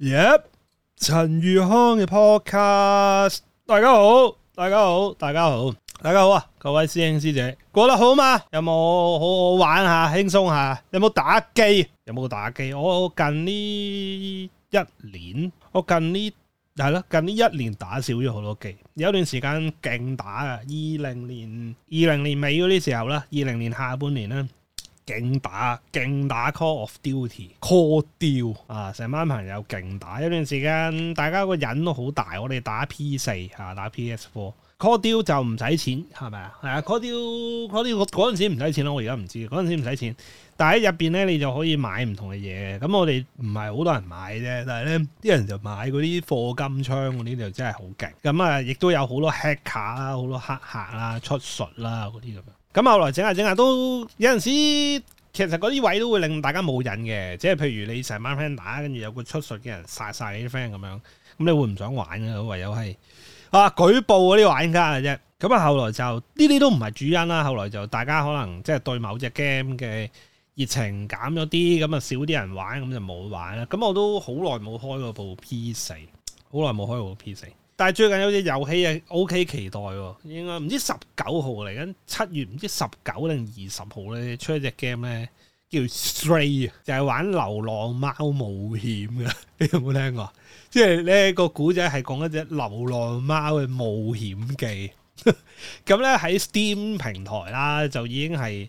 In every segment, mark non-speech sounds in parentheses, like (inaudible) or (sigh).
耶！陳如、yep，康嘅 podcast，大家好，大家好，大家好，大家好啊！各位師兄師姐過得好嗎？有冇好好玩下，輕鬆下？有冇打機？有冇打機？我近呢一年，我近呢係咯，近呢一年打少咗好多機。有段時間勁打啊！二零年二零年尾嗰啲時候啦，二零年下半年啦。勁打勁打 Call of Duty Call Deal 啊！成班朋友勁打，有段時間大家個癮都好大。我哋打 P 四嚇、啊，打 PS Four Call Deal 就唔使錢，係咪、嗯、吧啊？係啊，Call Deal 嗰時唔使錢咯。我而家唔知嗰陣時唔使錢，但係喺入邊咧，你就可以買唔同嘅嘢。咁我哋唔係好多人買啫，但係咧，啲人就買嗰啲課金槍嗰啲就真係好勁。咁、嗯、啊，亦都有好多 Hacker 啦，好多黑客啦，出術啦嗰啲咁。咁後來整下整下都有陣時，其實嗰啲位都會令大家冇癮嘅。即係譬如你成班 friend 打，跟住有個出術嘅人殺晒你啲 friend 咁樣，咁你會唔想玩嘅，唯有係啊舉報嗰啲玩家嘅啫。咁啊後來就呢啲都唔係主因啦，後來就大家可能即係對某隻 game 嘅熱情減咗啲，咁啊少啲人玩，咁就冇玩啦。咁我都好耐冇開過部 P4，好耐冇開部 P4。但係最近有隻遊戲啊，OK 期待喎，應該唔知十九號嚟緊，七月唔知十九定二十號咧，出一隻 game 咧，叫 Stray 啊，就係玩流浪貓冒險嘅，你有冇聽過？即係咧個古仔係講一隻流浪貓嘅冒險記，咁 (laughs) 咧喺 Steam 平台啦，就已經係。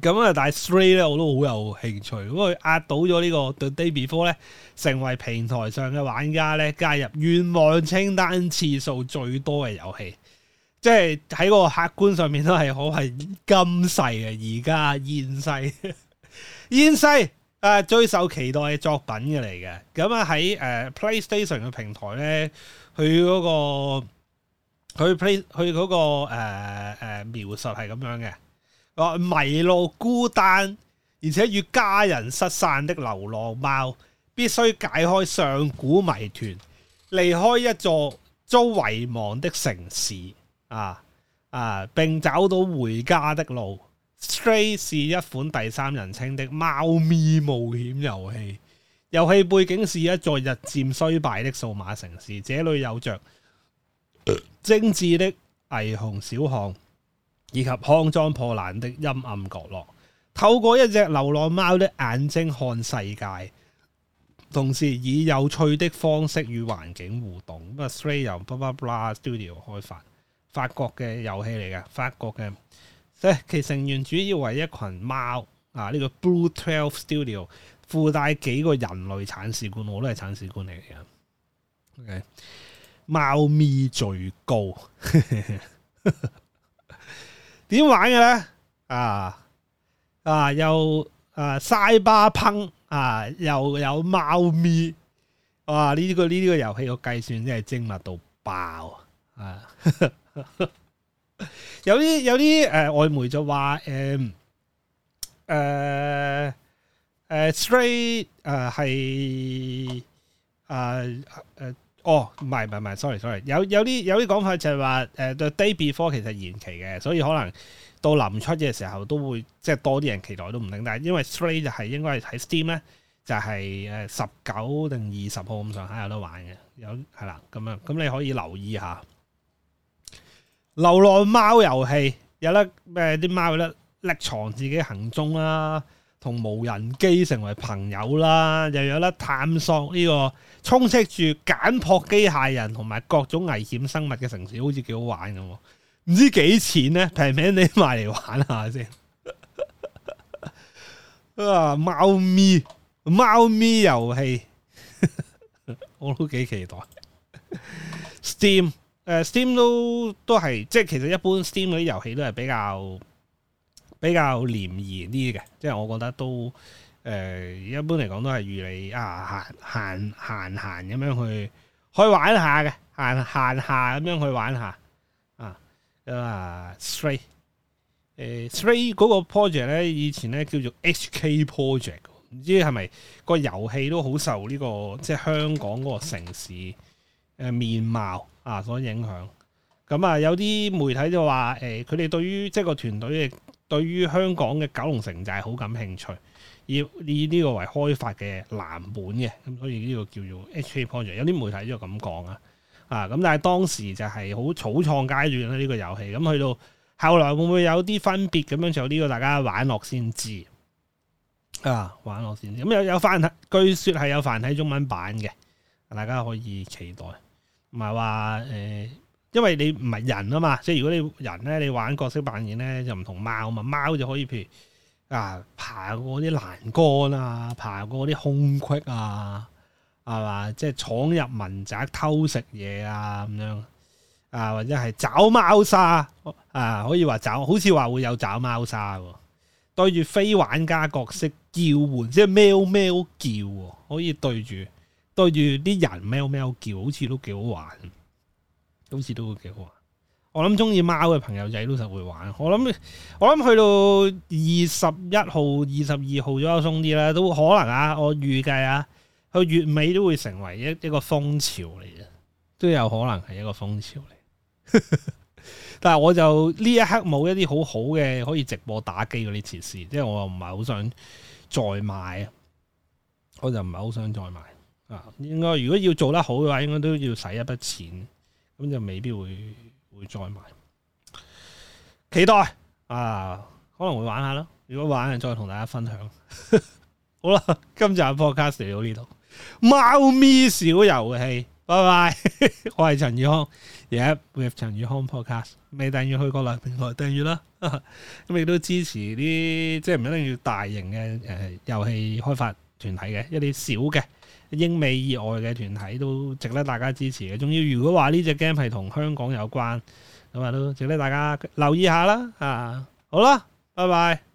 咁啊，但係 Stray 咧，我都好有興趣，因佢壓倒咗呢個 The Day Before 咧，成為平台上嘅玩家咧加入願望清單次數最多嘅遊戲，即係喺個客觀上面都係好係今世嘅而家現世 (laughs) 現世啊、呃、最受期待嘅作品嘅嚟嘅。咁啊喺誒 PlayStation 嘅平台咧，佢嗰、那個佢 Play 佢嗰、那個誒誒、呃呃、描述係咁樣嘅。迷路、孤單，而且與家人失散的流浪貓，必須解開上古謎團，離開一座遭遺忘的城市，啊啊，並找到回家的路。《Stray》是一款第三人稱的貓咪冒險遊戲，遊戲背景是一座日漸衰敗的數碼城市，這裏有着精緻的霓虹小巷。以及骯髒破爛的陰暗角落，透過一隻流浪貓的眼睛看世界，同時以有趣的方式與環境互動。咁啊，Three 由巴拉巴拉 Studio 開發，法國嘅遊戲嚟嘅，法國嘅，即係其成員主要為一群貓啊，呢個 Blue Twelve Studio 附帶幾個人類鏟屎官，我都係鏟屎官嚟嘅。OK，貓咪最高。 (laughs) 點玩嘅咧？啊啊，又啊，沙巴烹啊，又有貓咪。哇！呢、啊啊這個呢、這個遊戲個計算真係精密到爆啊！ (laughs) 有啲有啲誒、呃，外媒就話誒誒誒，straight 誒係誒誒。嗯呃呃啊哦，唔係唔係唔係，sorry sorry，有有啲有啲講法就係話誒，就 Day Before 其實延期嘅，所以可能到臨出嘅時候都會即係多啲人期待都唔定，但係因為 Stray 就係應該係喺 Steam 咧，就係誒十九定二十號咁上下有得玩嘅，有係啦咁樣，咁你可以留意下。流浪貓遊戲有得誒啲、呃、貓有得匿藏自己行蹤啦、啊。同無人機成為朋友啦，又有得探索呢個充斥住簡樸機械人同埋各種危險生物嘅城市，好似幾好玩咁。唔知幾錢呢？平平你買嚟玩下先。 (laughs) 啊，貓咪，貓咪遊戲， (laughs) 我都幾期待。 (laughs) Steam，誒、呃，Steam 都都係即係，其實一般 Steam 嗰啲遊戲都係比較。比較廉宜啲嘅，即係我覺得都誒、呃，一般嚟講都係如你啊，限限限限咁樣去去玩下嘅，限限下咁樣去玩下啊。咁啊，Stray 誒，Stray 嗰個 Project 咧，以前咧叫做 HK Project，唔知係咪個遊戲都好受呢、這個即係、就是、香港嗰個城市誒面貌啊，所影響。咁啊、嗯，有啲媒體就話誒，佢、欸、哋對於即係個團隊嘅，對於香港嘅九龍城寨係好感興趣，以以呢個為開發嘅藍本嘅，咁、嗯、所以呢個叫做 HK Project。有啲媒體都咁講啊，啊、嗯、咁，但係當時就係好草創階段啦，呢、這個遊戲。咁、嗯、去到後來會唔會有啲分別咁樣就、這個，就呢個大家玩落先知。啊，玩落先知。咁、嗯、有有繁體，據說係有繁體中文版嘅，大家可以期待。唔係話誒。欸因為你唔係人啊嘛，即係如果你人咧，你玩角色扮演咧，就唔同貓嘛。貓就可以譬如啊，爬過啲欄杆啊，爬過啲空隙啊，係嘛，即係闖入民宅偷食嘢啊咁樣啊，或者係找貓砂啊，可以話找，好似話會有找貓砂喎。對住非玩家角色叫喚，即係喵喵叫，可以對住對住啲人喵喵叫，好似都幾好玩。今次都會幾好玩。我諗中意貓嘅朋友仔都實會玩。我諗，我諗去到二十一號、二十二號左右鬆啲啦，都可能啊！我預計啊，去月尾都會成為一一個風潮嚟嘅，都有可能係一個風潮嚟。 (laughs) 但係我就呢一刻冇一啲好好嘅可以直播打機嗰啲設施，即係我又唔係好想再買啊！我就唔係好想再買啊！應該如果要做得好嘅話，應該都要使一筆錢。咁就未必會會再買，期待啊，可能會玩下咯。如果玩，再同大家分享。呵呵好啦，今集嘅 podcast 嚟到呢度，貓咪小遊戲，拜拜。呵呵我係陳宇康，而家 with 陳宇康 podcast 未訂閱，去個平台訂閱啦。咁亦都支持啲，即係唔一定要大型嘅誒遊戲開發。團體嘅一啲小嘅英美以外嘅團體都值得大家支持嘅，仲要如果話呢隻 game 係同香港有關，咁啊都值得大家留意下啦嚇、啊，好啦，拜拜。